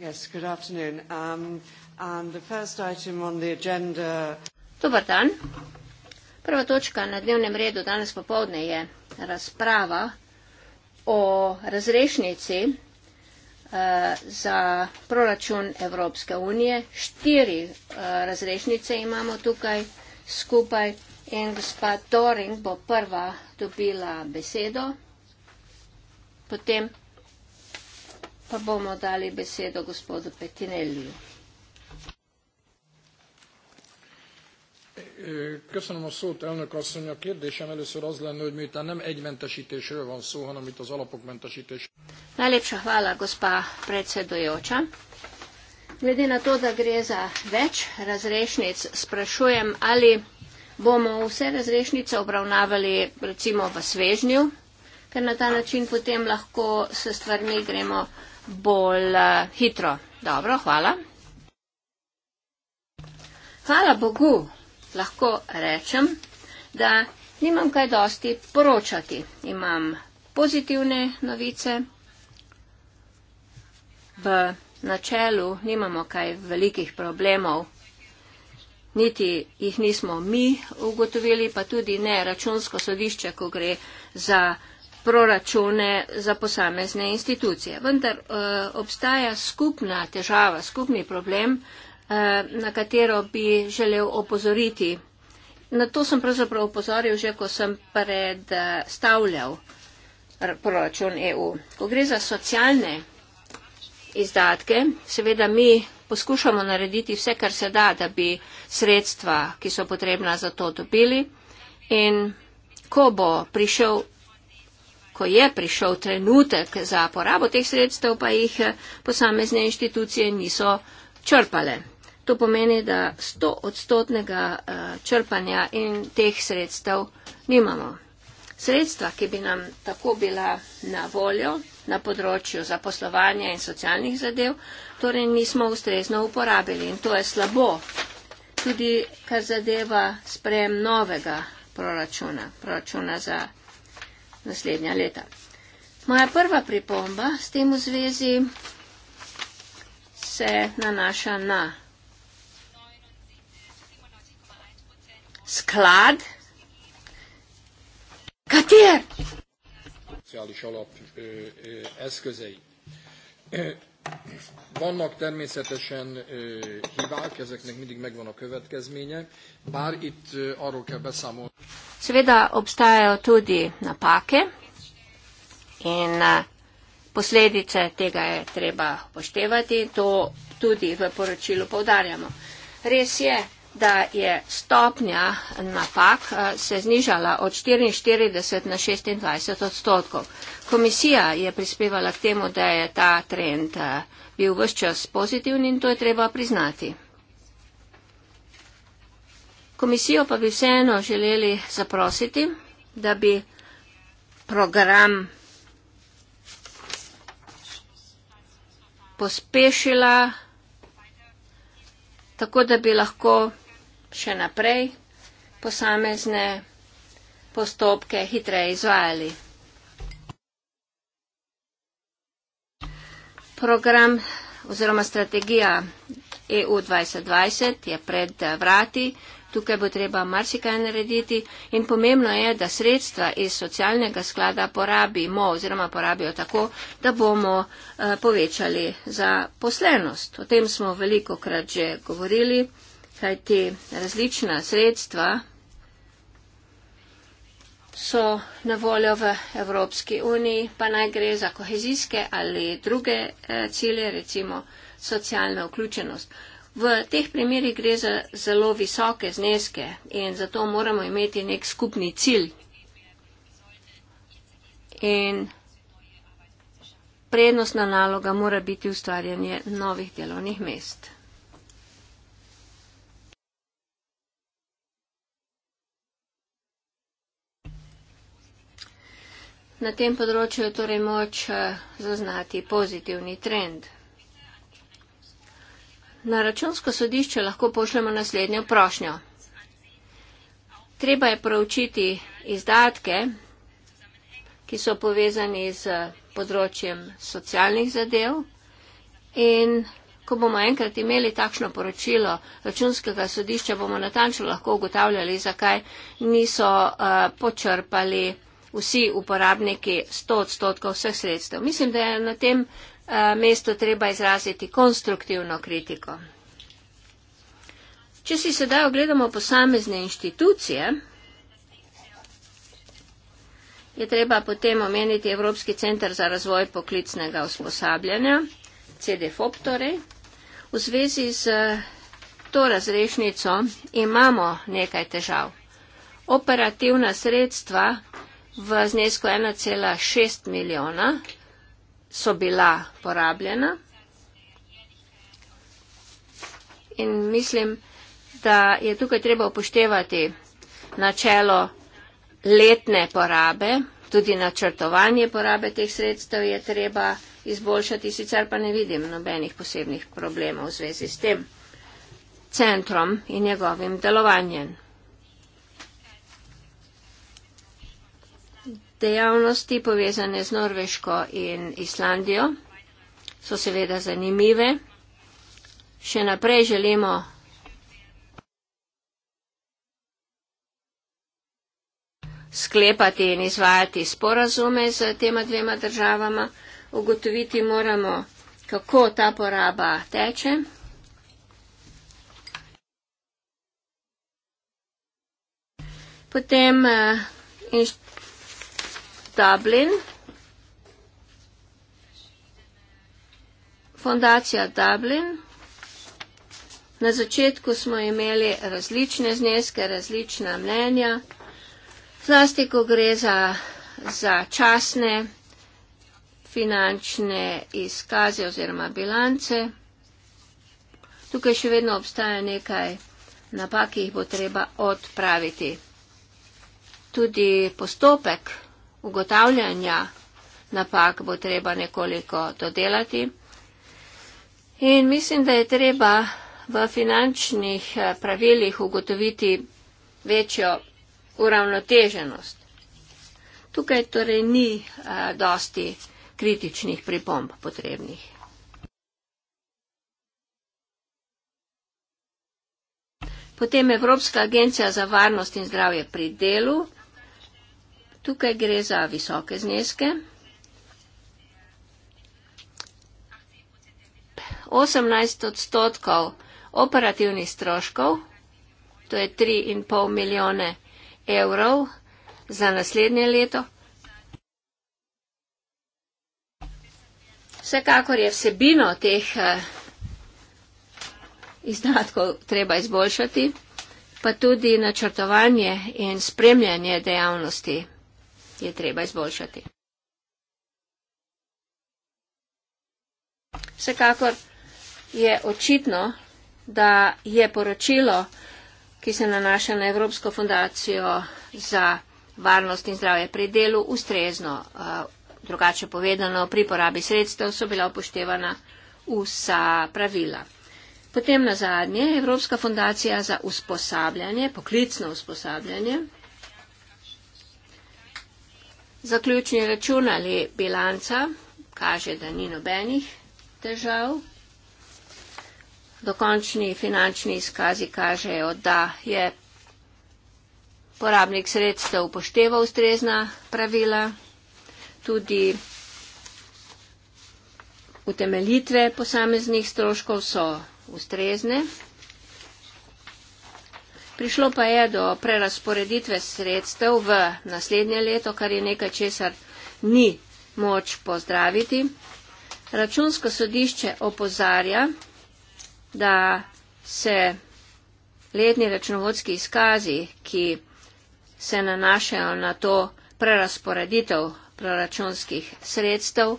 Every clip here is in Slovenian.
Yes, good afternoon. Um, the first item on the agenda... Dober dan. Prva točka na dnevnem redu danes popovdne je razprava o razrešnici eh, za proračun Evropske unije. Štiri eh, razrešnice imamo tukaj skupaj in gospa Toring bo prva dobila besedo, potem pa bomo dali besedo gospodu Petinelju. Eh, köszönöm a szót, elnök asszony. A kérdésem először az lenne, hogy miután nem egymentesítésről van szó, hanem itt az alapok mentesítés. Najlepša hvala, gospa predsedujoča. Glede na to, da gre za več razrešnic, sprašujem, ali bomo vse razrešnice obravnavali recimo v svežnju, ker na ta način potem lahko se stvarmi gremo bolj eh, hitro. Dobro, hvala. Hvala Bogu, lahko rečem, da nimam kaj dosti poročati. Imam pozitivne novice. V načelu nimamo kaj velikih problemov. Niti jih nismo mi ugotovili, pa tudi ne računsko sodišče, ko gre za proračune za posamezne institucije. Vendar uh, obstaja skupna težava, skupni problem, uh, na katero bi želel opozoriti. Na to sem pravzaprav opozoril že, ko sem predstavljal proračun EU. Ko gre za socialne izdatke, seveda mi poskušamo narediti vse, kar se da, da bi sredstva, ki so potrebna za to, dobili. In ko bo prišel ko je prišel trenutek za porabo teh sredstev, pa jih eh, posamezne inštitucije niso črpale. To pomeni, da 100 odstotnega eh, črpanja in teh sredstev nimamo. Sredstva, ki bi nam tako bila na voljo na področju zaposlovanja in socialnih zadev, torej nismo ustrezno uporabili in to je slabo, tudi kar zadeva sprejem novega proračuna, proračuna za naslednja leta. Moja prva pripomba s tem v zvezi se nanaša na sklad, kater. Vannak természetesen hibák, ezeknek mindig megvan a következménye, bár itt arról kell beszámolni. Seveda obstajajo tudi napake in posledice tega je treba poštevati, to tudi v poročilu povdarjamo. Res je, da je stopnja napak eh, se znižala od 44 na 26 odstotkov. Komisija je prispevala k temu, da je ta trend eh, bil vse čas pozitivni in to je treba priznati. Komisijo pa bi vseeno želeli zaprositi, da bi program pospešila tako, da bi lahko še naprej posamezne postopke hitreje izvajali. Program oziroma strategija EU 2020 je pred eh, vrati. Tukaj bo treba marsikaj narediti in pomembno je, da sredstva iz socialnega sklada porabimo oziroma porabijo tako, da bomo eh, povečali za poslenost. O tem smo veliko krat že govorili kaj ti različna sredstva so na voljo v Evropski uniji, pa naj gre za kohezijske ali druge eh, cilje, recimo socialna vključenost. V teh primerjih gre za zelo visoke zneske in zato moramo imeti nek skupni cilj. In prednostna naloga mora biti ustvarjanje novih delovnih mest. Na tem področju je torej moč eh, zaznati pozitivni trend. Na računsko sodišče lahko pošljemo naslednjo prošnjo. Treba je proučiti izdatke, ki so povezani z področjem socialnih zadev in ko bomo enkrat imeli takšno poročilo računskega sodišča, bomo natančno lahko ugotavljali, zakaj niso uh, počrpali vsi uporabniki 100 odstotkov vseh sredstev. Mislim, da je na tem eh, mestu treba izraziti konstruktivno kritiko. Če si sedaj ogledamo posamezne inštitucije, je treba potem omeniti Evropski centr za razvoj poklicnega usposabljanja, CDFOP torej. V zvezi z eh, to razrešnico imamo nekaj težav. Operativna sredstva v znesku 1,6 milijona so bila porabljena. In mislim, da je tukaj treba upoštevati načelo letne porabe, tudi načrtovanje porabe teh sredstev je treba izboljšati, sicer pa ne vidim nobenih posebnih problemov v zvezi s tem centrom in njegovim delovanjem. dejavnosti povezane z Norveško in Islandijo so seveda zanimive. Še naprej želimo sklepati in izvajati sporazume z tema dvema državama. Ugotoviti moramo, kako ta poraba teče. Potem eh, Dublin, fondacija Dublin. Na začetku smo imeli različne zneske, različna mnenja, zlasti ko gre za, za časne finančne izkaze oziroma bilance. Tukaj še vedno obstaja nekaj napak, ki jih bo treba odpraviti. Tudi postopek ugotavljanja napak bo treba nekoliko dodelati. In mislim, da je treba v finančnih eh, pravilih ugotoviti večjo uravnoteženost. Tukaj torej ni a, eh, dosti kritičnih pripomb potrebnih. Potem Evropska agencija za varnost in zdravje pri delu. Tukaj gre za visoke zneske. 18 odstotkov operativnih stroškov, to je 3,5 milijone evrov za naslednje leto. Vsekakor je vsebino teh eh, izdatkov treba izboljšati, pa tudi načrtovanje in spremljanje dejavnosti je treba izboljšati. Vsekakor je očitno, da je poročilo, ki se nanaša na Evropsko fundacijo za varnost in zdravje pri delu, ustrezno. Eh, drugače povedano, pri porabi sredstev so bila upoštevana vsa pravila. Potem na zadnje, Evropska fundacija za usposabljanje, poklicno usposabljanje, Zaključni račun ali bilanca kaže, da ni nobenih težav. Dokončni finančni izkazi kažejo, da je porabnik sredstev upošteval ustrezna pravila, tudi utemelitve posameznih stroškov so ustrezne. Prišlo pa je do prerasporeditve sredstev v naslednje leto, kar je nekaj, česar ni moč pozdraviti. Računsko sodišče opozarja, da se letni računovodski izkazi, ki se nanašajo na to prerasporeditev proračunskih sredstev,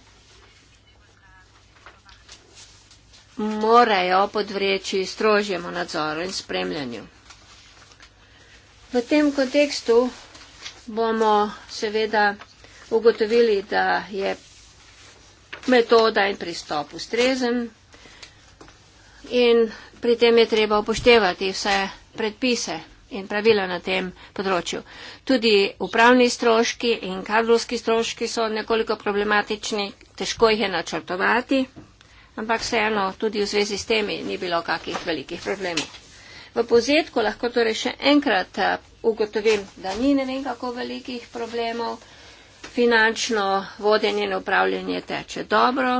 morajo podvreči strožjemu nadzoru in spremljanju. V tem kontekstu bomo seveda ugotovili, da je metoda in pristop ustrezen in pri tem je treba upoštevati vse predpise in pravila na tem področju. Tudi upravni stroški in kadrovski stroški so nekoliko problematični, težko jih je načrtovati, ampak vseeno tudi v zvezi s temi ni bilo kakih velikih problemov. V povzetku lahko torej še enkrat eh, ugotovim, da ni ne vem kako velikih problemov. Finančno vodenje in upravljanje teče dobro.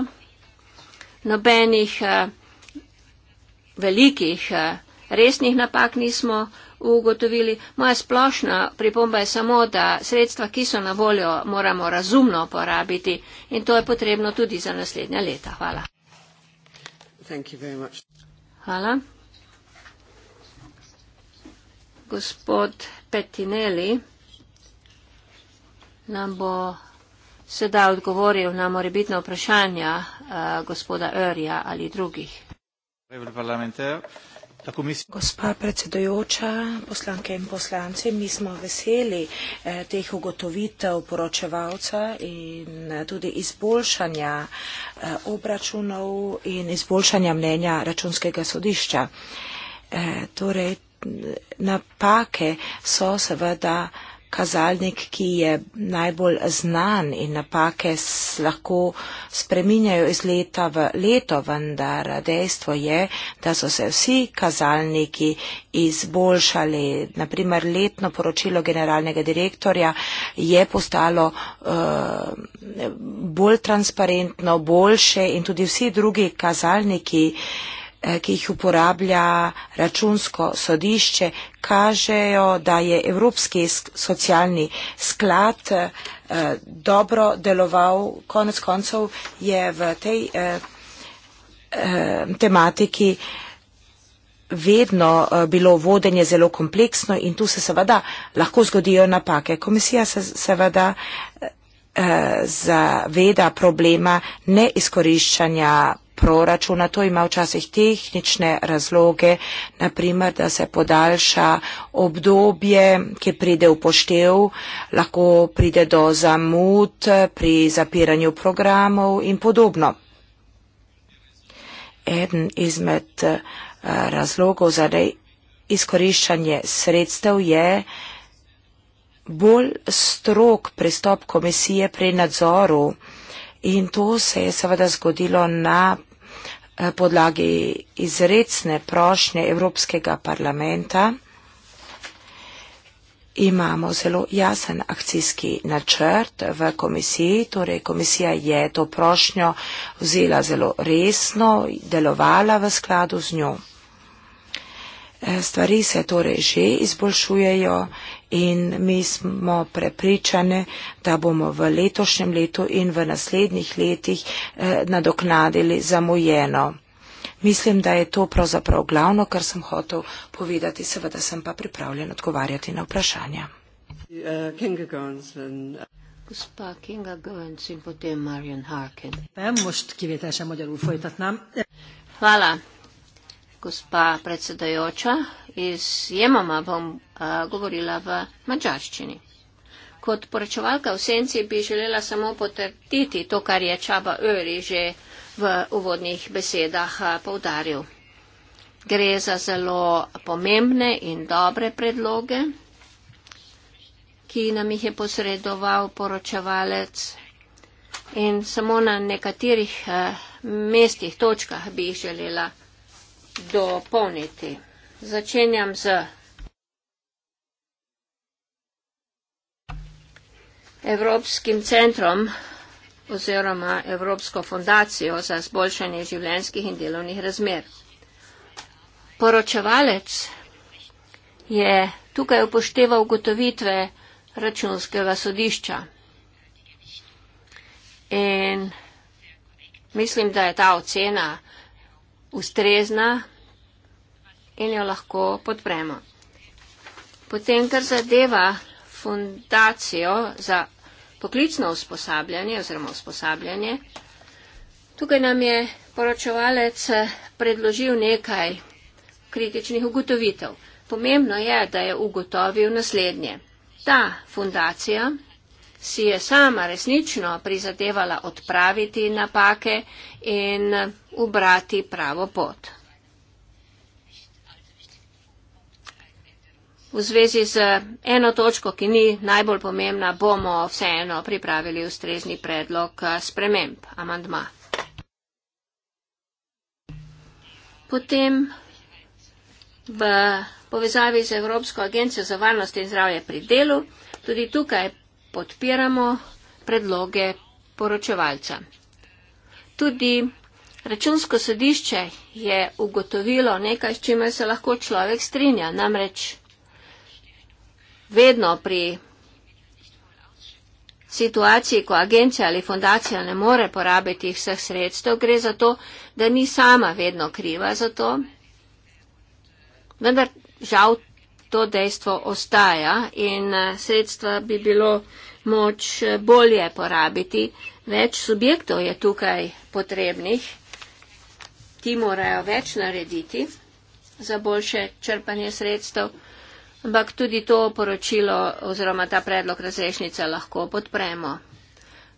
Nobenih eh, velikih eh, resnih napak nismo ugotovili. Moja splošna pripomba je samo, da sredstva, ki so na voljo, moramo razumno porabiti in to je potrebno tudi za naslednja leta. Hvala. Hvala gospod Petineli nam bo sedaj odgovoril na morebitno vprašanje uh, gospoda Örja ali drugih. Gospa predsedujoča, poslanke in poslanci, mi smo veseli eh, teh ugotovitev poročevalca in eh, tudi izboljšanja eh, obračunov in izboljšanja mnenja računskega sodišča. Eh, torej, napake so seveda kazalnik, ki je najbolj znan in napake lahko spreminjajo iz leta v leto, vendar dejstvo je, da so se vsi kazalniki izboljšali. Naprimer, letno poročilo generalnega direktorja je postalo uh, bolj transparentno, boljše in tudi vsi drugi kazalniki uh, Eh, ki jih uporablja računsko sodišče, kažejo, da je Evropski socialni sklad eh, dobro deloval. Konec koncev je v tej eh, tematiki vedno bilo vodenje zelo kompleksno in tu se seveda lahko zgodijo napake. Komisija se seveda zaveda problema neizkoriščanja proračuna. To ima včasih tehnične razloge, naprimer, da se podaljša obdobje, ki pride v poštev, lahko pride do zamud pri zapiranju programov in podobno. Eden izmed eh, razlogov za izkoriščanje sredstev je bolj strok pristop komisije pri nadzoru. In to se je seveda zgodilo na Eh, podlagi izredne prošnje Evropskega parlamenta imamo zelo jasen akcijski načrt v komisiji, torej komisija je to prošnjo vzela zelo resno, delovala v skladu z njo. Eh, stvari se torej že izboljšujejo in mi smo prepričane, da bomo v letošnjem letu in v naslednjih letih eh, nadoknadili zamujeno. Mislim, da je to pravzaprav glavno, kar sem hotel povedati, seveda sem pa pripravljen odgovarjati na vprašanja. Gospa Kinga Gönc in potem Marion Harkin. Hvala gospa predsedajoča, izjemoma bom a, govorila v mačarščini. Kot poročevalka v senci bi želela samo potrditi to, kar je Čaba Öri že v uvodnih besedah poudaril. Gre za zelo pomembne in dobre predloge, ki nam jih je posredoval poročevalec. In samo na nekaterih eh, mestih, točkah bi jih želela dopolniti. Začenjam z Evropskim centrom oziroma Evropsko fundacijo za zboljšanje življenjskih in delovnih razmer. Poročevalec je tukaj upošteval gotovitve računskega sodišča. In mislim, da je ta ocena ustrezna in jo lahko podpremo. Potem, kar zadeva fundacijo za poklicno usposabljanje oziroma usposabljanje, tukaj nam je poročevalec predložil nekaj kritičnih ugotovitev. Pomembno je, da je ugotovil naslednje. Ta fundacija si je sama resnično prizadevala odpraviti napake in ubrati pravo pot. V zvezi z eno točko, ki ni najbolj pomembna, bomo vseeno pripravili ustrezni predlog eh, sprememb, amandma. Potem v povezavi z Evropsko agencijo za varnost in zdravje pri delu, tudi tukaj podpiramo predloge poročevalca. Tudi računsko sodišče je ugotovilo nekaj, s čime se lahko človek strinja. Namreč vedno pri situaciji, ko agencija ali fundacija ne more porabiti vseh sredstev, gre za to, da ni sama vedno kriva za to. Vendar žal to dejstvo ostaja in eh, sredstva bi bilo moč eh, bolje porabiti. Več subjektov je tukaj potrebnih. Ti morajo več narediti za boljše črpanje sredstev, ampak tudi to poročilo oziroma ta predlog razrešnice lahko podpremo.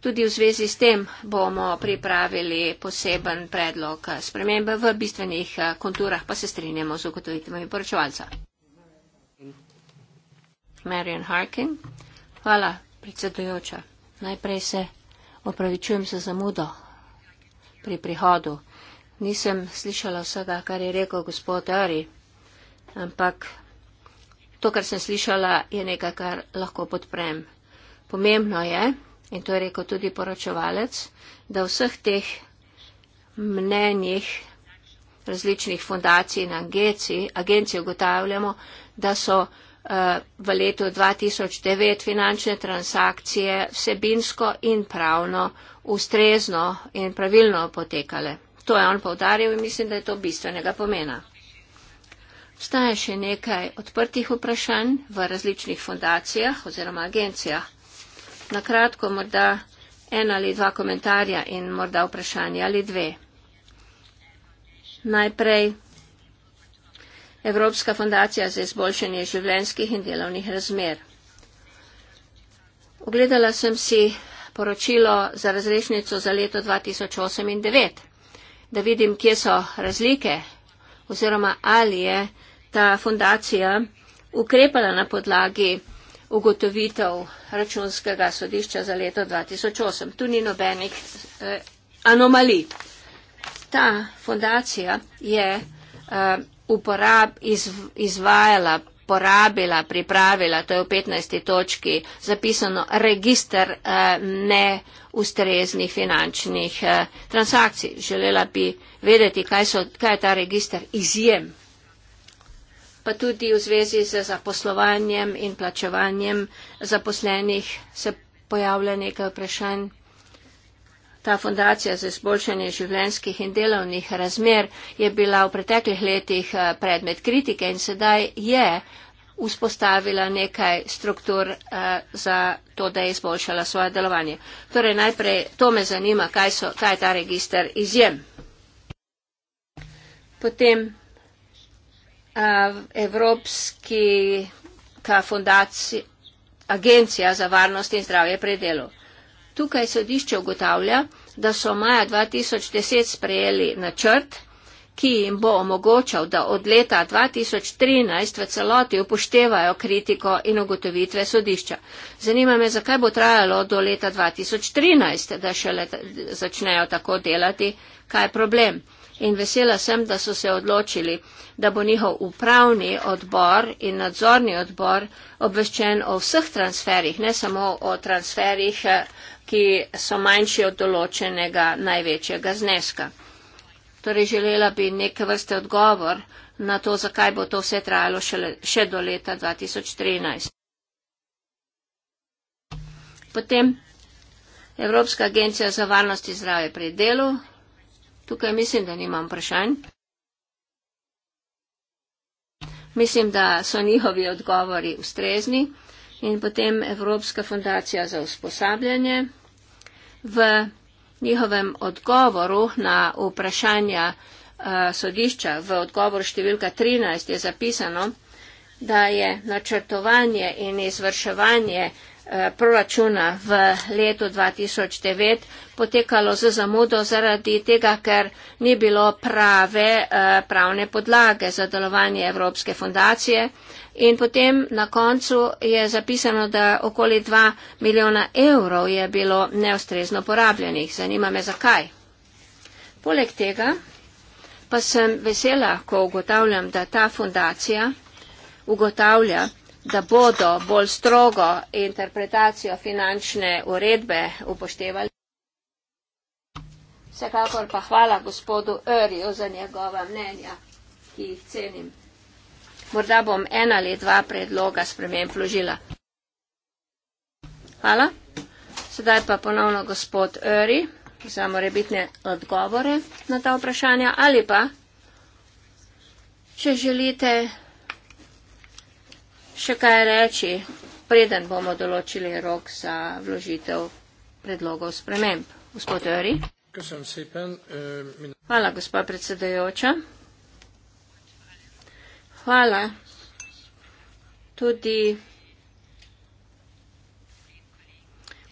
Tudi v zvezi s tem bomo pripravili poseben predlog eh, spremembe v bistvenih konturah, pa se strinjamo z ugotovitvami poročevalca. Marian Harkin. Hvala, predsedujoča. Najprej se opravičujem za zamudo pri prihodu. Nisem slišala vsega, kar je rekel gospod Ari, ampak to, kar sem slišala, je nekaj, kar lahko podprem. Pomembno je, in to je rekel tudi poročevalec, da vseh teh mnenjih različnih fundacij in agencij, agencij ugotavljamo, da so v letu 2009 finančne transakcije vsebinsko in pravno ustrezno in pravilno potekale. To je on povdaril in mislim, da je to bistvenega pomena. Vstaje še nekaj odprtih vprašanj v različnih fundacijah oziroma agencijah. Na kratko morda en ali dva komentarja in morda vprašanje ali dve. Najprej Evropska fundacija za izboljšanje življenjskih in delovnih razmer. Ogledala sem si poročilo za razrešnico za leto 2008 in 2009, da vidim, kje so razlike oziroma ali je ta fundacija ukrepala na podlagi ugotovitev računskega sodišča za leto 2008. Tu ni nobenih eh, anomalij. Ta fundacija je eh, uporab, iz, izvajala, porabila, pripravila, to je v 15. točki zapisano, registr eh, neustreznih finančnih eh, transakcij. Želela bi vedeti, kaj, so, kaj je ta registr izjem. Pa tudi v zvezi z zaposlovanjem in plačevanjem zaposlenih se pojavlja nekaj vprašanj. Ta fundacija za izboljšanje življenjskih in delovnih razmer je bila v preteklih letih eh, predmet kritike in sedaj je vzpostavila nekaj struktur eh, za to, da je izboljšala svoje delovanje. Torej najprej to me zanima, kaj, so, kaj je ta register izjem. Potem eh, Evropska fundacija, agencija za varnost in zdravje pri delu. Tukaj sodišče ugotavlja, da so maja 2010 sprejeli načrt, ki jim bo omogočal, da od leta 2013 v celoti upoštevajo kritiko in ugotovitve sodišča. Zanima me, zakaj bo trajalo do leta 2013, da šele začnejo tako delati, kaj je problem. In vesela sem, da so se odločili, da bo njihov upravni odbor in nadzorni odbor obveščen o vseh transferih, ne samo o transferih. Eh, ki so manjši od določenega največjega zneska. Torej, želela bi neke vrste odgovor na to, zakaj bo to vse trajalo šele, še do leta 2013. Potem Evropska agencija za varnost in zdravje pri delu. Tukaj mislim, da nimam vprašanj. Mislim, da so njihovi odgovori ustrezni in potem Evropska fundacija za usposabljanje. V njihovem odgovoru na vprašanja eh, sodišča, v odgovoru številka 13 je zapisano, da je načrtovanje in izvrševanje Eh, proračuna v letu 2009 potekalo z zamudo zaradi tega, ker ni bilo prave eh, pravne podlage za delovanje Evropske fundacije. In potem na koncu je zapisano, da okoli 2 milijona evrov je bilo neustrezno porabljenih. Zanima me, zakaj. Poleg tega pa sem vesela, ko ugotavljam, da ta fundacija ugotavlja, da bodo bolj strogo interpretacijo finančne uredbe upoštevali. Vsekakor pa hvala gospodu Örju za njegova mnenja, ki jih cenim. Morda bom ena ali dva predloga spremem vložila. Hvala. Sedaj pa ponovno gospod Öri za morebitne odgovore na ta vprašanja ali pa, če želite še kaj reči, preden bomo določili rok za vložitev predlogov sprememb. Gospod Jori. Hvala, gospa predsedajoča. Hvala tudi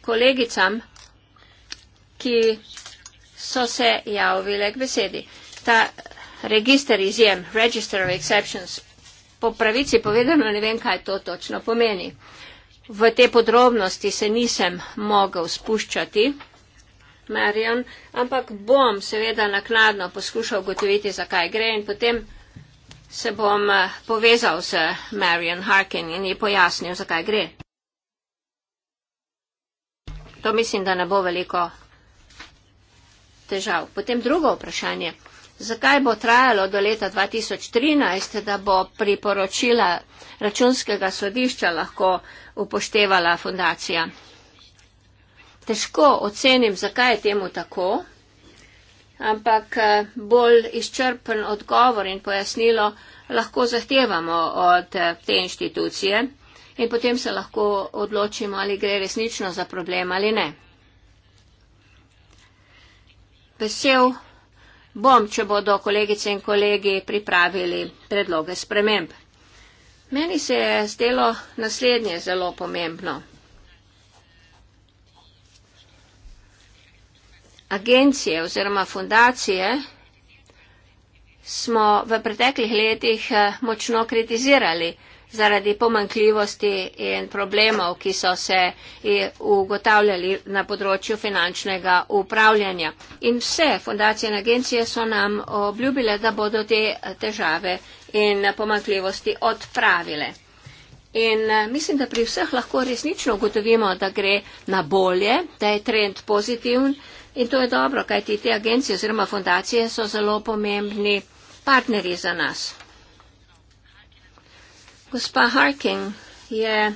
kolegicam, ki so se javile k besedi. Ta register izjem, register of exceptions, po pravici povedano ne vem, kaj to točno pomeni. V te podrobnosti se nisem mogel spuščati, Marion, ampak bom seveda nakladno poskušal gotoviti, zakaj gre in potem se bom eh, povezal z Marion Harkin in ji pojasnil, zakaj gre. To mislim, da ne bo veliko težav. Potem drugo vprašanje. Zakaj bo trajalo do leta 2013, da bo priporočila računskega sodišča lahko upoštevala fundacija? Težko ocenim, zakaj je temu tako, ampak bolj izčrpen odgovor in pojasnilo lahko zahtevamo od te inštitucije in potem se lahko odločimo, ali gre resnično za problem ali ne. Vesel bom, če bodo kolegice in kolegi pripravili predloge sprememb. Meni se je zdelo naslednje zelo pomembno. Agencije oziroma fundacije smo v preteklih letih eh, močno kritizirali zaradi pomankljivosti in problemov, ki so se eh, ugotavljali na področju finančnega upravljanja. In vse fundacije in agencije so nam obljubile, da bodo te težave in pomankljivosti odpravile. In eh, mislim, da pri vseh lahko resnično ugotovimo, da gre na bolje, da je trend pozitiven in to je dobro, kajti te agencije oziroma fundacije so zelo pomembni partnerji za nas. Gospa Harking je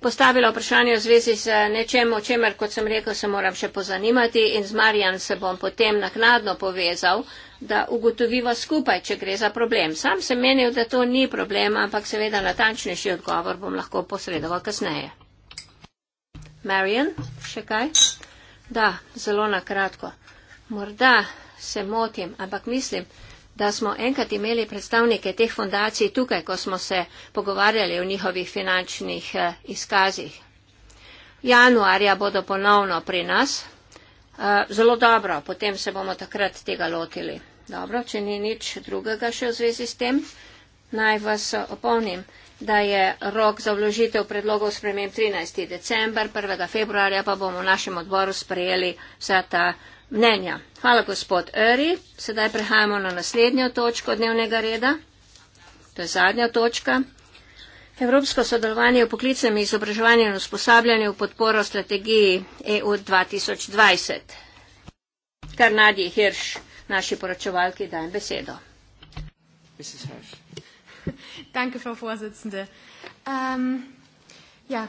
postavila vprašanje v zvezi z nečem, o čemer, kot sem rekel, se moram še pozanimati in z Marjan se bom potem naknadno povezal, da ugotoviva skupaj, če gre za problem. Sam sem menil, da to ni problem, ampak seveda natančnejši odgovor bom lahko posredoval kasneje. Marjan, še kaj? Da, zelo nakratko. Morda se motim, ampak mislim, da smo enkrat imeli predstavnike teh fundacij tukaj, ko smo se pogovarjali o njihovih finančnih eh, izkazih. Januarja bodo ponovno pri nas. Eh, zelo dobro, potem se bomo takrat tega lotili. Dobro, če ni nič drugega še v zvezi s tem, naj vas eh, opomnim, da je rok za vložitev predlogov sprememb 13. december, 1. februarja pa bomo v našem odboru sprejeli vsa ta mnenja. Hvala, gospod Öri. Sedaj prehajamo na naslednjo točko dnevnega reda. To je zadnja točka. Evropsko sodelovanje v poklicem izobraževanju in usposabljanju v podporo strategiji EU 2020. Kar Nadji Hirš, naši poročevalki, dajem besedo. Danke, Frau Vorsitzende. Um, ja,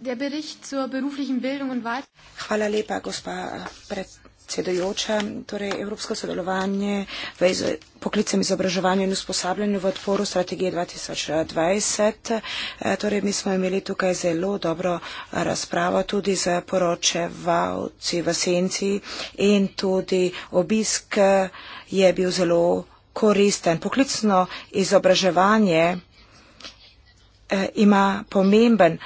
der Bericht zur beruflichen Bildung und Weiterbildung. Hvala lepa, gospa pred, predsedujoča. Torej, Evropsko sodelovanje v iz poklicem izobraževanju in usposabljanju v odporu strategije 2020. Eh, torej, mi smo imeli tukaj zelo dobro eh, razpravo tudi z poročevalci v senci in tudi obisk eh, je bil zelo koristen. Poklicno izobraževanje ima pomemben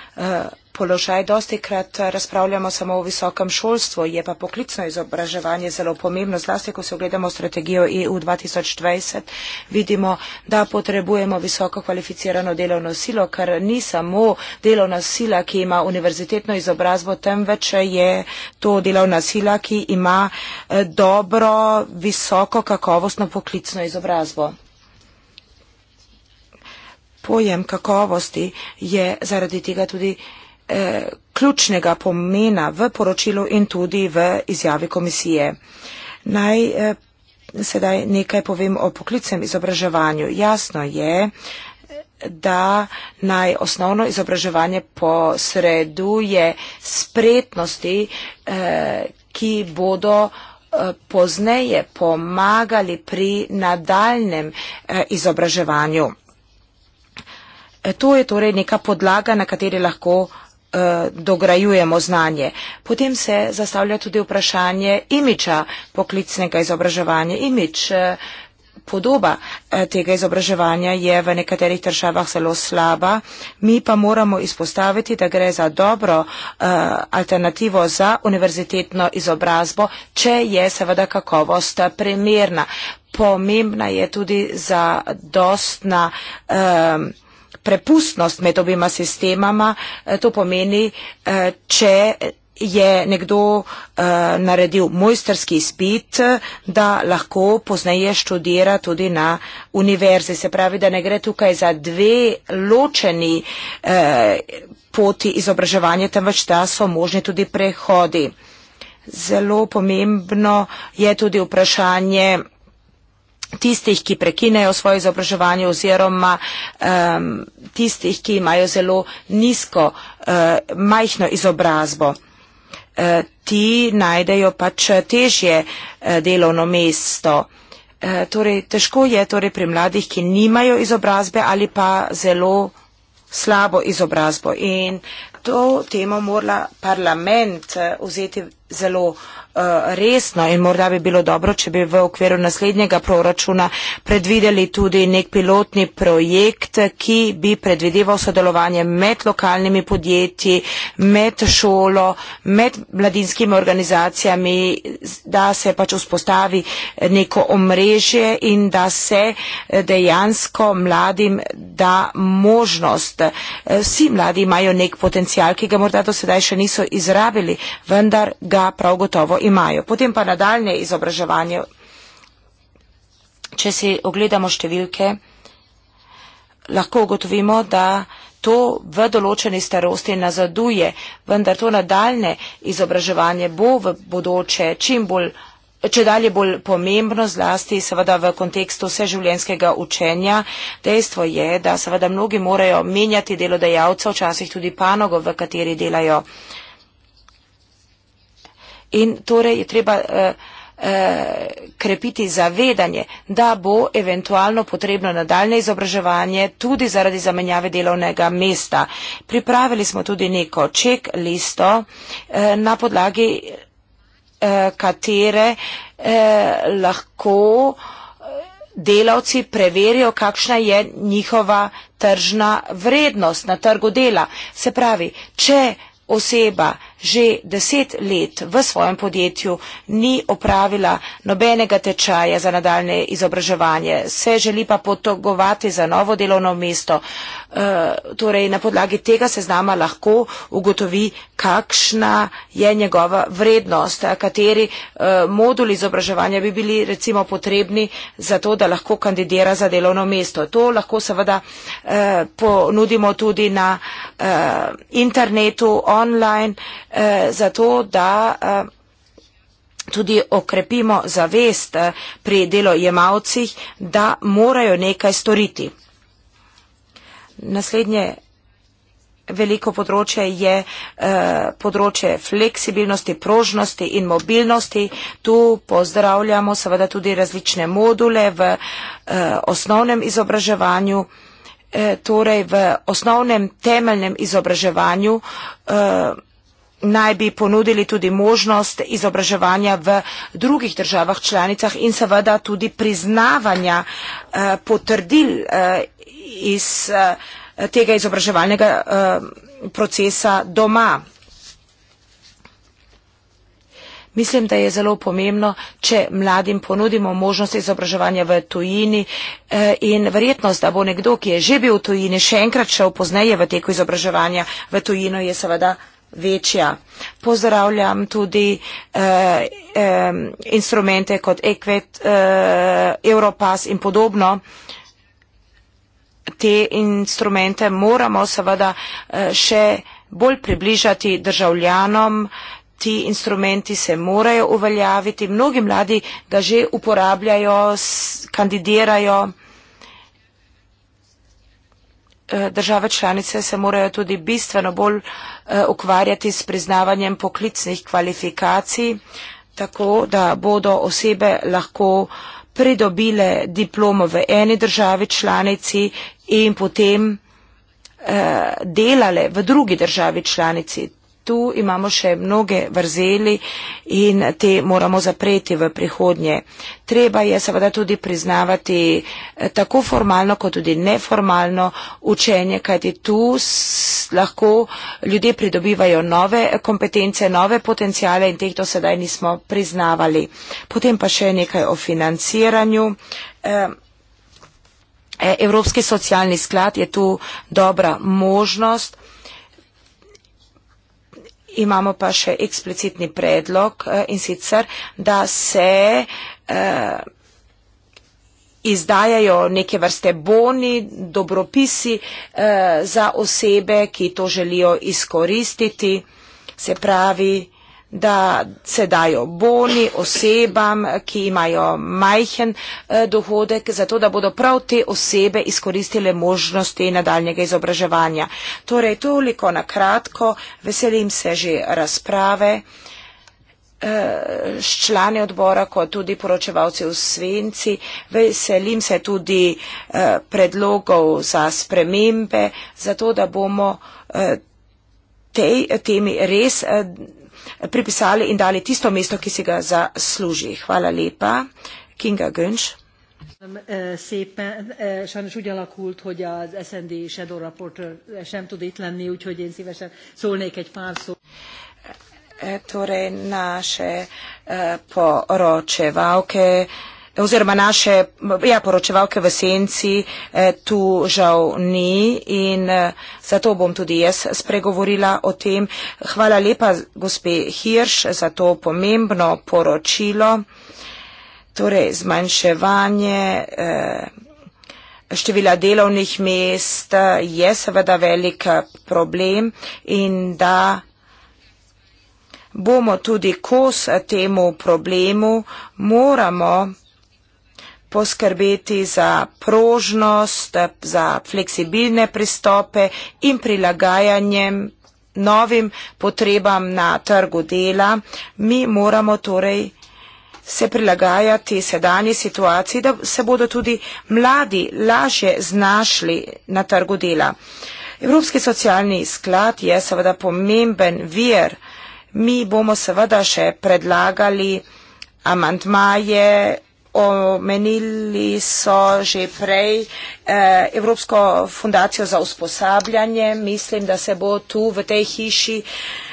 položaj. Dosti krat razpravljamo samo o visokem šolstvu, je pa poklicno izobraževanje zelo pomembno. Zlasti, ko se ogledamo strategijo EU 2020, vidimo, da potrebujemo visoko kvalificirano delovno silo, kar ni samo delovna sila, ki ima univerzitetno izobrazbo, temveč je to delovna sila, ki ima eh, dobro, visoko, kakovostno poklicno izobrazbo. Pojem kakovosti je zaradi tega tudi Eh, ključnega pomena v poročilu in tudi v izjavi komisije. Naj eh, sedaj nekaj povem o poklicnem izobraževanju. Jasno je, da naj osnovno izobraževanje posreduje spretnosti, eh, ki bodo pozneje pomagali pri nadaljnem izobraževanju. To je torej neka podlaga, na kateri lahko Eh, dograjujemo znanje. Potem se zastavlja tudi vprašanje imiča poklicnega izobraževanja. Imič eh, podoba eh, tega izobraževanja je v nekaterih državah zelo slaba. Mi pa moramo izpostaviti, da gre za dobro alternativo za univerzitetno izobrazbo, če je seveda kakovost primerna. Pomembna je tudi za dostna um, prepustnost med obima sistemama, e, to pomeni, e, če je nekdo e, naredil mojsterski izpit, da lahko poznaje študira tudi na univerzi. Se pravi, da ne gre tukaj za dve ločeni poti izobraževanja, temveč da so možni tudi prehodi. Zelo pomembno je tudi vprašanje, tistih, ki prekinejo svoje izobraževanje oziroma um, tistih, ki imajo zelo nizko, uh, majhno izobrazbo. Uh, ti najdejo pač težje uh, delovno mesto. Uh, torej, težko je torej, pri mladih, ki nimajo izobrazbe ali pa zelo slabo izobrazbo. In to temo mora parlament uh, vzeti zelo uh, resno in morda bi bilo dobro, če bi v okviru naslednjega proračuna predvideli tudi nek pilotni projekt, ki bi predvideval sodelovanje med lokalnimi podjetji, med šolo, med mladinskimi organizacijami, da se pač vzpostavi neko omrežje in da se eh, dejansko mladim da možnost. Eh, vsi mladi imajo nek potencial, ki ga morda do sedaj še niso izrabili, vendar ga prav gotovo imajo. Potem pa nadaljne izobraževanje. Če si ogledamo številke, lahko ugotovimo, da to v določeni starosti nazaduje, vendar to nadaljne izobraževanje bo v bodoče čim bolj, če dalje bolj pomembno, zlasti seveda v kontekstu vseživljenjskega učenja. Dejstvo je, da seveda mnogi morajo menjati delodajalca, včasih tudi panogo, v kateri delajo. Uh, In torej je treba uh, uh, krepiti zavedanje, da bo eventualno potrebno nadaljne izobraževanje tudi zaradi zamenjave delovnega mesta. Pripravili smo tudi neko ček listo uh, eh, na podlagi uh, katere uh, lahko delavci preverijo, kakšna je njihova tržna vrednost na trgu dela. Se pravi, če oseba že deset let v svojem podjetju ni opravila nobenega tečaja za nadaljne izobraževanje, se želi pa potogovati za novo delovno mesto. Eh, torej, na podlagi tega seznama lahko ugotovi, kakšna je njegova vrednost, kateri eh, modul izobraževanja bi bili recimo potrebni za to, da lahko kandidira za delovno mesto. To lahko seveda eh, ponudimo tudi na internetu, online, Eh, zato da eh, tudi okrepimo zavest eh, pri delojemalcih, da morajo nekaj storiti. Naslednje veliko področje je področje fleksibilnosti, prožnosti in mobilnosti. Tu pozdravljamo seveda tudi različne module v osnovnem izobraževanju, torej v osnovnem temeljnem izobraževanju naj bi ponudili tudi možnost izobraževanja v drugih državah članicah in seveda tudi priznavanja eh, potrdil eh, iz eh, tega izobraževalnega procesa doma. Mislim, da je zelo pomembno, če mladim ponudimo možnost izobraževanja v tujini in verjetnost, da bo nekdo, ki je že bil v tujini, še enkrat šel pozneje v teku izobraževanja v tujino, je seveda večja. Pozdravljam tudi uh, um, instrumente kot EQUET, uh, Europass in podobno. Te instrumente moramo seveda uh, še bolj približati državljanom. Ti instrumenti se morajo uveljaviti. Mnogi mladi ga že uporabljajo, kandidirajo. Eh, države članice se morajo tudi bistveno bolj eh, ukvarjati s priznavanjem poklicnih kvalifikacij, tako da bodo osebe lahko pridobile diplomo v eni državi članici in potem eh, delale v drugi državi članici tu imamo še mnoge vrzeli in te moramo zapreti v prihodnje. Treba je seveda tudi priznavati eh, tako formalno kot tudi neformalno učenje, kajti tu lahko ljudje pridobivajo nove kompetence, nove potencijale in teh do sedaj nismo priznavali. Potem pa še nekaj o financiranju. E, Evropski socialni sklad je tu dobra možnost, Imamo pa še eksplicitni predlog eh, in sicer, da se eh, izdajajo neke vrste boni, dobropisi eh, za osebe, ki to želijo izkoristiti, se pravi, da se izdajajo neke vrste boni, dobropisi za osebe, ki to želijo izkoristiti, se pravi, da se dajo boni osebam, ki imajo majhen eh, dohodek, zato da bodo prav te osebe izkoristile možnosti nadaljnjega izobraževanja. Torej, toliko na kratko, veselim se že razprave eh, s člani odbora, kot tudi poročevalci v Svenci. Veselim se tudi eh, predlogov za spremembe, zato da bomo tej temi res pripisali in dali tisto mesto, ki si ga zasluži. Hvala lepa. Kinga Gönč. Eh, szépen, eh, sajnos úgy alakult, hogy az SND Shadow Rapporteur sem tud itt lenni, úgyhogy én szívesen szólnék egy pár szót. Eh, torej, naše uh, poročevalke uh, oziroma naše ja, poročevalke v senci eh, tu žal ni in eh, zato bom tudi jaz spregovorila o tem. Hvala lepa, gospe Hirš, za to pomembno poročilo, torej zmanjševanje. Eh, Števila delovnih mest eh, je seveda velik eh, problem in da bomo tudi kos eh, temu problemu, moramo poskrbeti za prožnost, za fleksibilne pristope in prilagajanjem novim potrebam na trgu dela. Mi moramo torej se prilagajati sedanji situaciji, da se bodo tudi mladi lažje znašli na trgu dela. Evropski socialni sklad je seveda pomemben vir. Mi bomo seveda še predlagali amantmaje omenili so že prej eh, Evropsko fundacijo za usposabljanje. Mislim, da se bo tu v tej hiši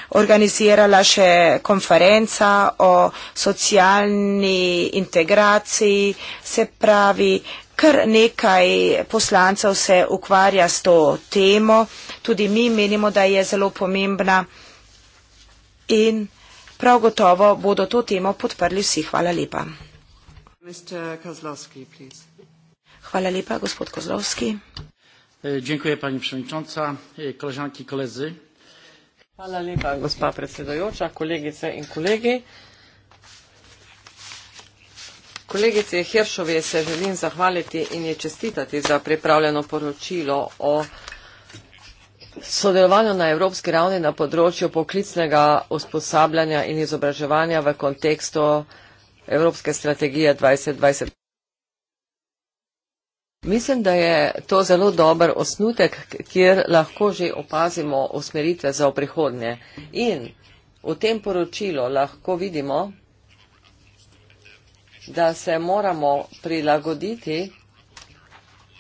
organizirala še konferenca o socialni integraciji, se pravi, kar nekaj poslancev se ukvarja s to temo, tudi mi menimo, da je zelo pomembna in prav gotovo bodo to temo podprli vsi. Hvala lepa. E, dziękuję pani przewodnicząca e, koleżanki i koledzy kolegici hiršovi se želim zahvaliti in ji čestitati za pripravljeno poročilo o sodelovanju na evropski ravni na področju poklicnega usposabljanja in izobraževanja v kontekstu Evropske strategije 2020. Mislim, da je to zelo dober osnutek, kjer lahko že opazimo usmeritve za prihodnje. In v tem poročilu lahko vidimo, da se moramo prilagoditi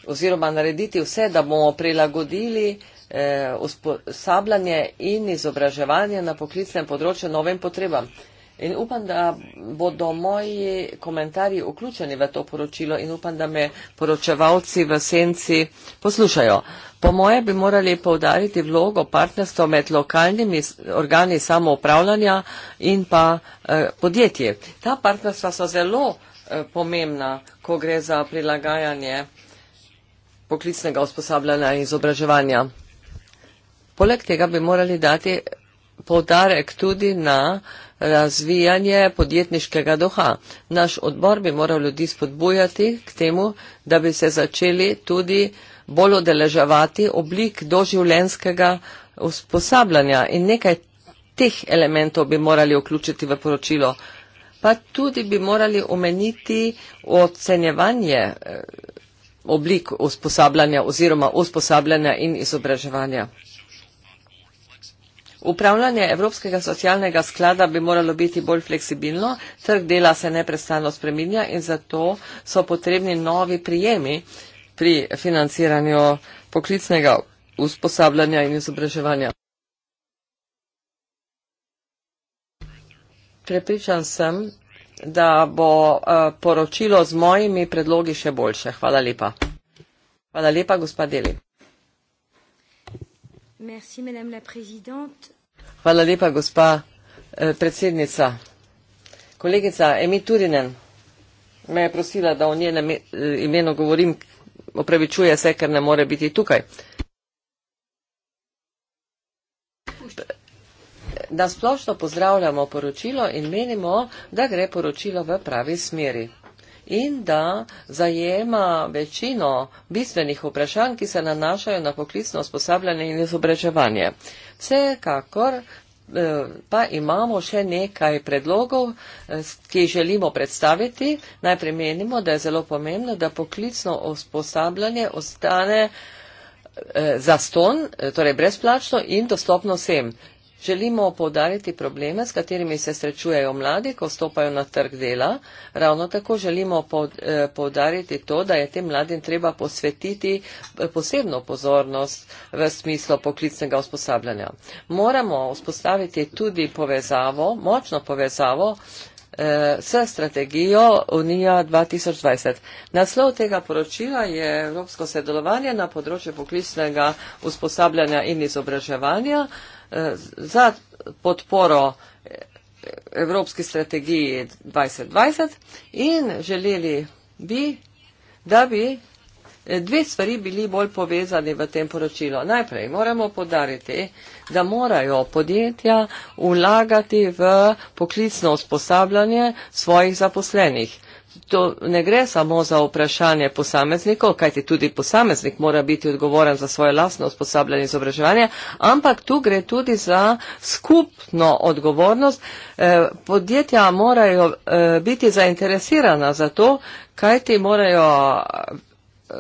oziroma narediti vse, da bomo prilagodili eh, usposabljanje in izobraževanje na poklicnem področju novim potrebam. In upam, da bodo moji komentarji vključeni v to poročilo in upam, da me poročevalci v senci poslušajo. Po moje bi morali povdariti vlogo partnerstva med lokalnimi organi samoupravljanja in pa eh, podjetje. Ta partnerstva so zelo eh, pomembna, ko gre za prilagajanje poklicnega usposabljanja in izobraževanja. Poleg tega bi morali dati povdarek tudi na eh, razvijanje podjetniškega duha. Naš odbor bi moral ljudi spodbujati k temu, da bi se začeli tudi bolj odeleževati oblik doživljenskega usposabljanja in nekaj teh elementov bi morali vključiti v poročilo. Pa tudi bi morali omeniti ocenjevanje eh, oblik usposabljanja oziroma usposabljanja in izobraževanja. Upravljanje Evropskega socialnega sklada bi moralo biti bolj fleksibilno, trg dela se neprestano spreminja in zato so potrebni novi prijemi pri financiranju poklicnega usposabljanja in izobraževanja. Prepričan sem, da bo eh, poročilo z mojimi predlogi še boljše. Hvala lepa. Hvala lepa, gospa Deli. Merci, Hvala lepa, gospa eh, predsednica. Kolegica Emi Turinen me je prosila, da o njenem eh, imenu govorim, opravičuje se, ker ne more biti tukaj. Nasplošno pozdravljamo poročilo in menimo, da gre poročilo v pravi smeri in da zajema večino bistvenih vprašanj, ki se nanašajo na poklicno usposabljanje in izobraževanje. Vsekakor eh, pa imamo še nekaj predlogov, eh, ki jih želimo predstaviti. Najprej menimo, da je zelo pomembno, da poklicno usposabljanje ostane eh, zaston, torej brezplačno in dostopno vsem. Želimo povdariti probleme, s katerimi se srečujejo mladi, ko stopajo na trg dela. Ravno tako želimo povdariti eh, to, da je tem mladim treba posvetiti eh, posebno pozornost v smislu poklicnega usposabljanja. Moramo vzpostaviti tudi povezavo, močno povezavo eh, s strategijo Unija 2020. Naslov tega poročila je Evropsko sedelovanje na področju poklicnega usposabljanja in izobraževanja za podporo Evropski strategiji 2020 in želeli bi, da bi dve stvari bili bolj povezani v tem poročilu. Najprej moramo podariti, da morajo podjetja vlagati v poklicno usposabljanje svojih zaposlenih to ne gre samo za vprašanje posameznikov, kajti tudi posameznik mora biti odgovoren za svoje lasno usposabljanje in izobraževanje, ampak tu gre tudi za skupno odgovornost. Eh, podjetja morajo eh, biti zainteresirana za to, kajti morajo eh,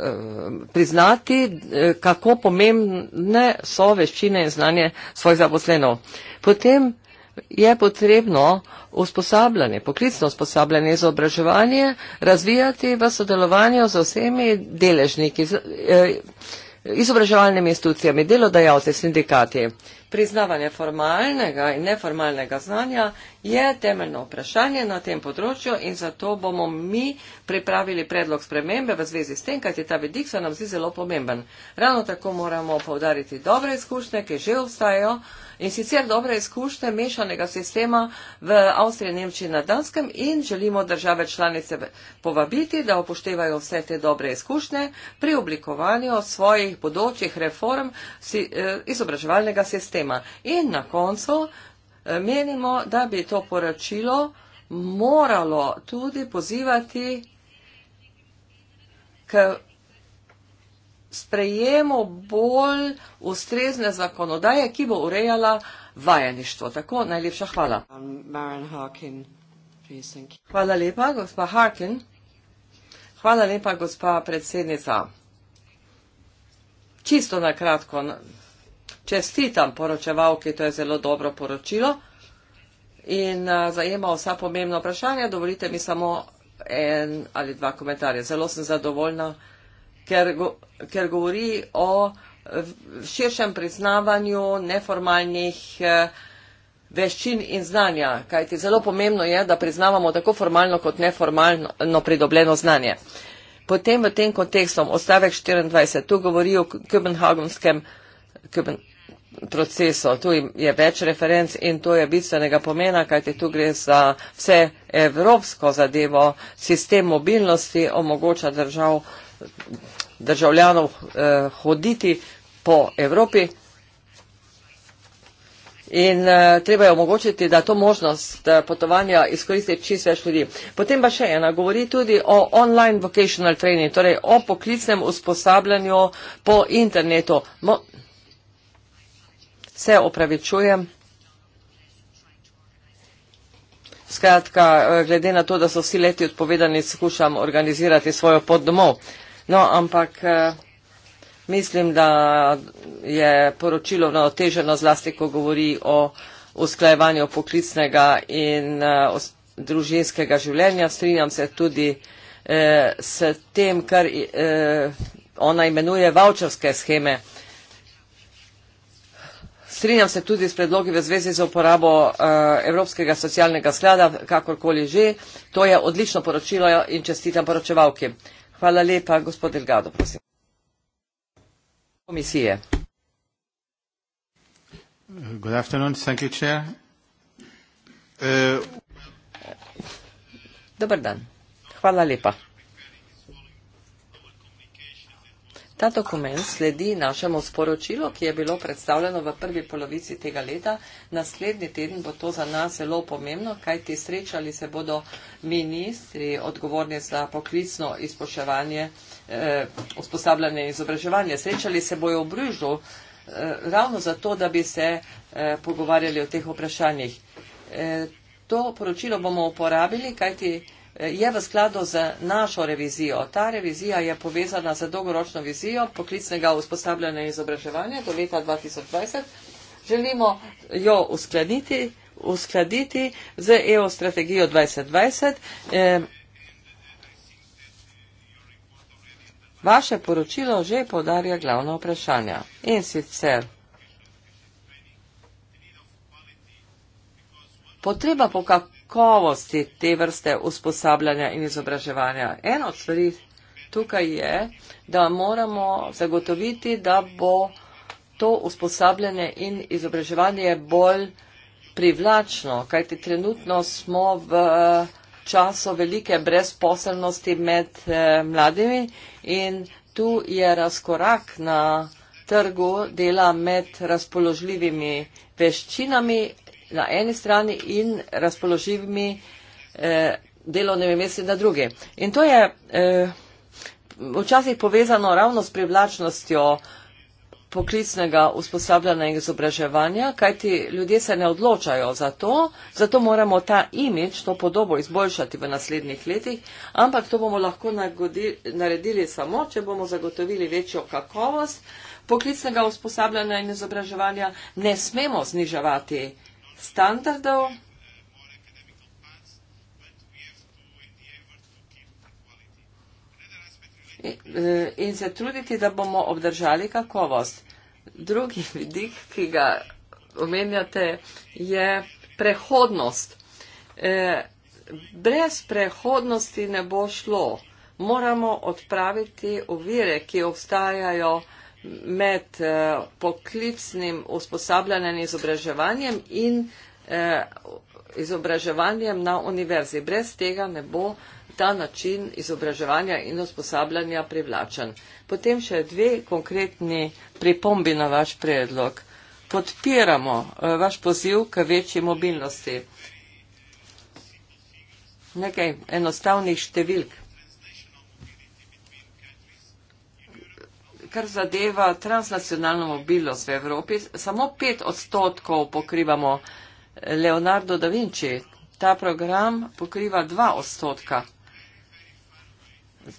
priznati, kako pomembne so veščine in znanje svojih zaposlenov. Potem je potrebno usposabljanje, poklicno usposabljanje, izobraževanje razvijati v sodelovanju z vsemi deležniki, z, eh, izobraževalnimi institucijami, delodajalci, sindikati. Priznavanje formalnega in neformalnega znanja je temeljno vprašanje na tem področju in zato bomo mi pripravili predlog spremembe v zvezi s tem, kajti ta vidik se nam zdi zelo pomemben. Ravno tako moramo povdariti dobre izkušnje, ki že obstajajo in sicer dobre izkušnje mešanega sistema v Avstriji, Nemčiji, na Danskem in želimo države članice povabiti, da upoštevajo vse te dobre izkušnje pri oblikovanju svojih bodočih reform eh, izobraževalnega sistema. In na koncu eh, menimo, da bi to poročilo moralo tudi pozivati k vsega, sprejemu bolj ustrezne zakonodaje, ki bo urejala vajeništvo. Tako, najlepša hvala. Um, hvala lepa, gospa Harkin. Hvala lepa, gospa predsednica. Čisto na kratko, čestitam poročevalki, to je zelo dobro poročilo in uh, zajema vsa pomembna vprašanja. Dovolite mi samo en ali dva komentarja. Zelo sem zadovoljna ker, go, ker govori o širšem priznavanju neformalnih eh, veščin in znanja, kajti zelo pomembno je, da priznavamo tako formalno kot neformalno pridobljeno znanje. Potem v tem kontekstu, ostavek 24, tu govori o Kopenhagenskem Köben, procesu, tu je več referenc in to je bistvenega pomena, kajti tu gre za vse evropsko zadevo, sistem mobilnosti omogoča držav državljanov eh, hoditi po Evropi in eh, treba je omogočiti, da to možnost eh, potovanja izkoristi čist več ljudi. Potem pa še ena, govori tudi o online vocational training, torej o poklicnem usposabljanju po internetu. Mo Se opravičujem. Skratka, eh, glede na to, da so vsi leti odpovedani, skušam organizirati svojo pot domov. Uh, No, ampak eh, mislim, da je poročilo navoteženo zlasti, ko govori o usklajevanju poklicnega in eh, družinskega življenja. Strinjam se tudi eh, s tem, kar ona imenuje vaučarske scheme. Strinjam se tudi s predlogi v zvezi z uporabo Evropskega socialnega sklada, kakorkoli že. To je odlično poročilo in čestitam poročevalki. Hvala lepa, gospod Delgado, prosim. Komisije. Good afternoon, thank you, chair. Uh... Dobar dan. Hvala lepa. Ta dokument sledi našemu sporočilu, ki je bilo predstavljeno v prvi polovici tega leta. Naslednji teden bo to za nas zelo pomembno, kajti srečali se bodo ministri odgovorni za poklicno izpoševanje, eh, usposabljanje in izobraževanje. Srečali se bojo v Bružu eh, ravno zato, da bi se eh, pogovarjali o teh vprašanjih. Eh, to poročilo bomo uporabili, kajti je v skladu z našo revizijo. Ta revizija je povezana z dolgoročno vizijo poklicnega usposabljanja in izobraževanja do leta 2020. Želimo jo uskladiti, uskladiti z EU strategijo 2020. Vaše poročilo že podarja glavno vprašanje. In sicer potreba po kakovosti te vrste usposabljanja in izobraževanja. Eno od stvari tukaj je, da moramo zagotoviti, da bo to usposabljanje in izobraževanje bolj privlačno, kajti trenutno smo v času velike brezposelnosti med mladimi in tu je razkorak na trgu dela med razpoložljivimi veščinami na eni strani in razpoloživimi eh, delovnimi mesti na drugi. In to je eh, včasih povezano ravno s privlačnostjo poklicnega usposabljanja in izobraževanja, kajti ljudje se ne odločajo za to, zato moramo ta imič, to podobo izboljšati v naslednjih letih, ampak to bomo lahko naredili samo, če bomo zagotovili večjo kakovost poklicnega usposabljanja in izobraževanja, ne smemo zniževati standardov. Eh, in se truditi, da bomo obdržali kakovost. Drugi vidik, ki ga omenjate, je prehodnost. Eh, brez prehodnosti ne bo šlo. Moramo odpraviti ovire, ki obstajajo med eh, poklicnim usposabljanjem in izobraževanjem in eh, izobraževanjem na univerzi. Brez tega ne bo ta način izobraževanja in usposabljanja privlačen. Potem še dve konkretni pripombi na vaš predlog. Podpiramo eh, vaš poziv k večji mobilnosti. Nekaj enostavnih številk. kar zadeva transnacionalno mobilnost v Evropi, samo pet odstotkov pokrivamo Leonardo da Vinci. Ta program pokriva dva odstotka.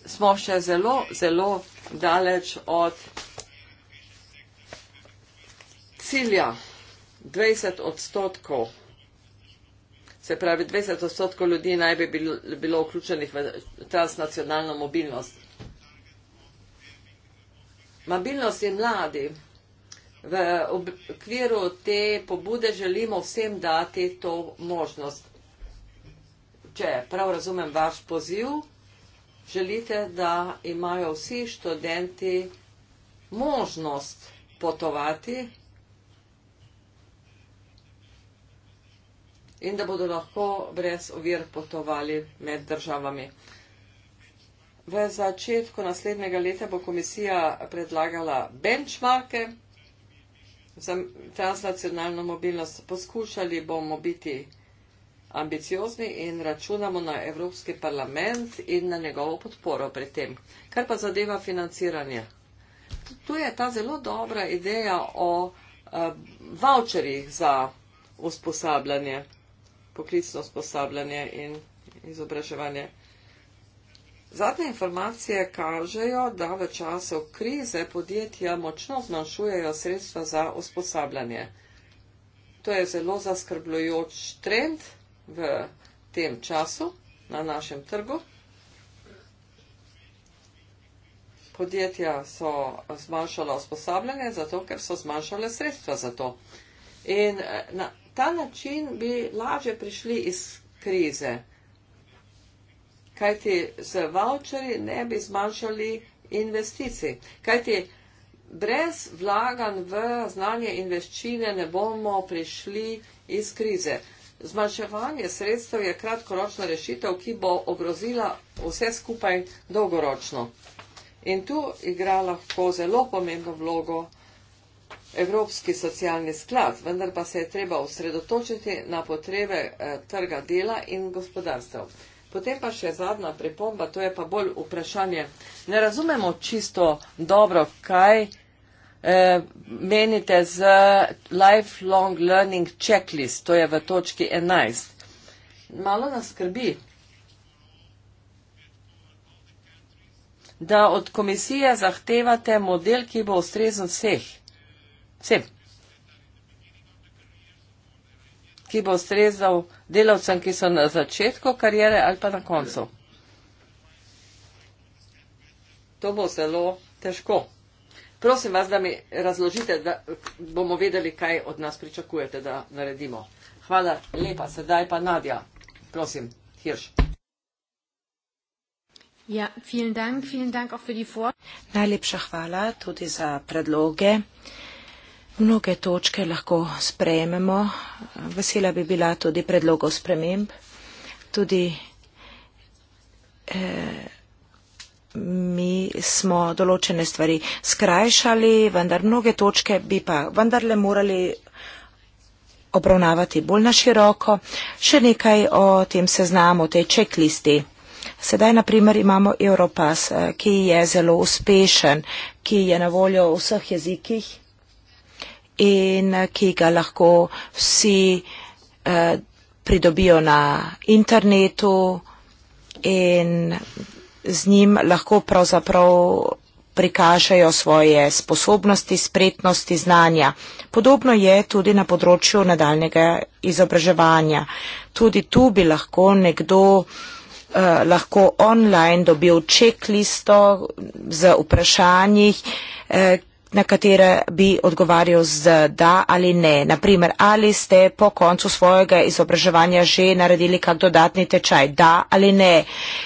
Smo še zelo, zelo daleč od cilja 20 odstotkov. Se pravi, 20 odstotkov ljudi naj bi bilo vključenih v transnacionalno mobilnost. Mobilnost in mladi. V okviru te pobude želimo vsem dati to možnost. Če prav razumem vaš poziv, želite, da imajo vsi študenti možnost potovati in da bodo lahko brez ovir potovali med državami. V začetku naslednjega leta bo komisija predlagala benchmarke za transnacionalno mobilnost. Poskušali bomo biti ambiciozni in računamo na Evropski parlament in na njegovo podporo pri tem. Kar pa zadeva financiranje. Tu je ta zelo dobra ideja o uh, eh, voucherjih za usposabljanje, poklicno usposabljanje in izobraževanje. Zadnje informacije kažejo, da v času krize podjetja močno zmanjšujejo sredstva za usposabljanje. To je zelo zaskrbljujoč trend v tem času na našem trgu. Podjetja so zmanjšala usposabljanje, zato ker so zmanjšale sredstva za to. In eh, na ta način bi lažje prišli iz krize kajti z voucheri ne bi zmanjšali investicij. Kajti brez vlagan v znanje in veščine ne bomo prišli iz krize. Zmanjševanje sredstev je kratkoročna rešitev, ki bo ogrozila vse skupaj dolgoročno. In tu igra lahko zelo pomembno vlogo Evropski socialni sklad, vendar pa se je treba osredotočiti na potrebe eh, trga dela in gospodarstva. Potem pa še zadnja pripomba, to je pa bolj vprašanje. Ne razumemo čisto dobro, kaj eh, menite z lifelong learning checklist, to je v točki 11. Malo nas skrbi, da od komisije zahtevate model, ki bo ustrezen vseh. Vsem. ki bo ustrezal delavcem, ki so na začetku karijere ali pa na koncu. To bo zelo težko. Prosim vas, da mi razložite, da bomo vedeli, kaj od nas pričakujete, da naredimo. Hvala lepa, sedaj pa Nadja. Prosim, Hirš. Ja, vielen dank, vielen dank auch für die vor. Najlepša hvala tudi za predloge mnoge točke lahko sprejmemo. Vesela bi bila tudi predlogov sprememb. Tudi eh, mi smo določene stvari skrajšali, vendar mnoge točke bi pa vendarle morali obravnavati bolj na široko. Še nekaj o tem seznamu, o tej čeklisti. Sedaj, na primer, imamo Europass, eh, ki je zelo uspešen, ki je na voljo v vseh jezikih in eh, ki ga lahko vsi eh, pridobijo na internetu in z njim lahko pravzaprav prikažejo svoje sposobnosti, spretnosti, znanja. Podobno je tudi na področju nadaljnega izobraževanja. Tudi tu bi lahko nekdo eh, lahko online dobil čeklisto z vprašanji, eh, na katere bi odgovarjal z da ali ne. Naprimer, ali ste po koncu svojega izobraževanja že naredili kak dodatni tečaj, da ali ne.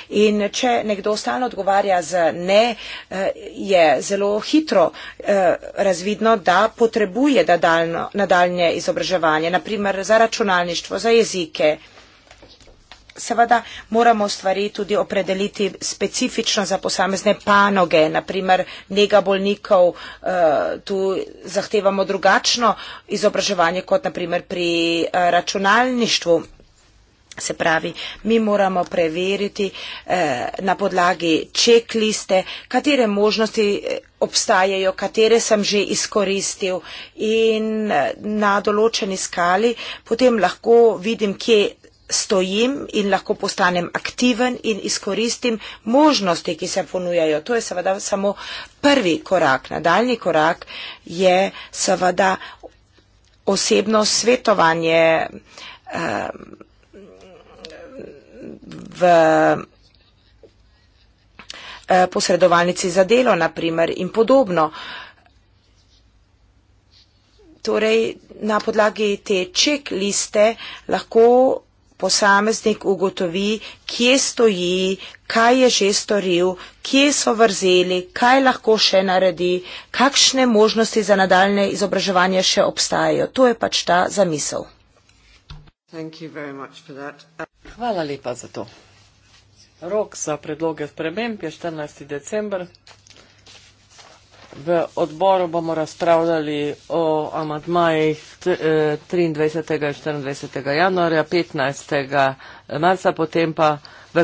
In če nekdo stalno odgovarja z ne, eh, je zelo hitro eh, razvidno, da potrebuje nadaljne izobraževanje, naprimer za računalništvo, za jezike seveda moramo stvari tudi opredeliti specifično za posamezne panoge, naprimer nega bolnikov, eh, tu zahtevamo drugačno izobraževanje kot naprimer pri eh, računalništvu. Se pravi, mi moramo preveriti eh, na podlagi čekliste, katere možnosti eh, obstajajo, katere sem že izkoristil in na določeni skali potem lahko vidim, kje stojim in lahko postanem aktiven in izkoristim možnosti, ki se ponujajo. To je seveda samo prvi korak. Nadaljni korak je seveda osebno svetovanje eh, v eh, posredovalnici za delo, naprimer, in podobno. Torej, na podlagi te ček liste lahko posameznik ugotovi, kje stoji, kaj je že storil, kje so vrzeli, kaj lahko še naredi, kakšne možnosti za nadaljne izobraževanje še obstajajo. To je pač ta zamisel. Hvala lepa za to. Rok za predloge sprememb je 14. december. V odboru bomo razpravljali o amadmajih 23. E, in 24. januarja, 15. marca, potem pa v, e,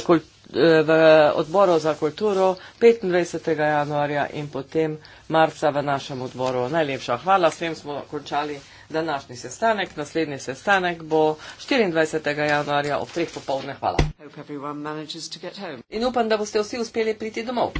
v odboru za kulturo 25. januarja in potem marca v našem odboru. Najlepša hvala, s tem smo končali današnji sestanek. Naslednji sestanek bo 24. januarja ob 3. popovdne. Hvala. In upam, da boste vsi uspeli priti domov.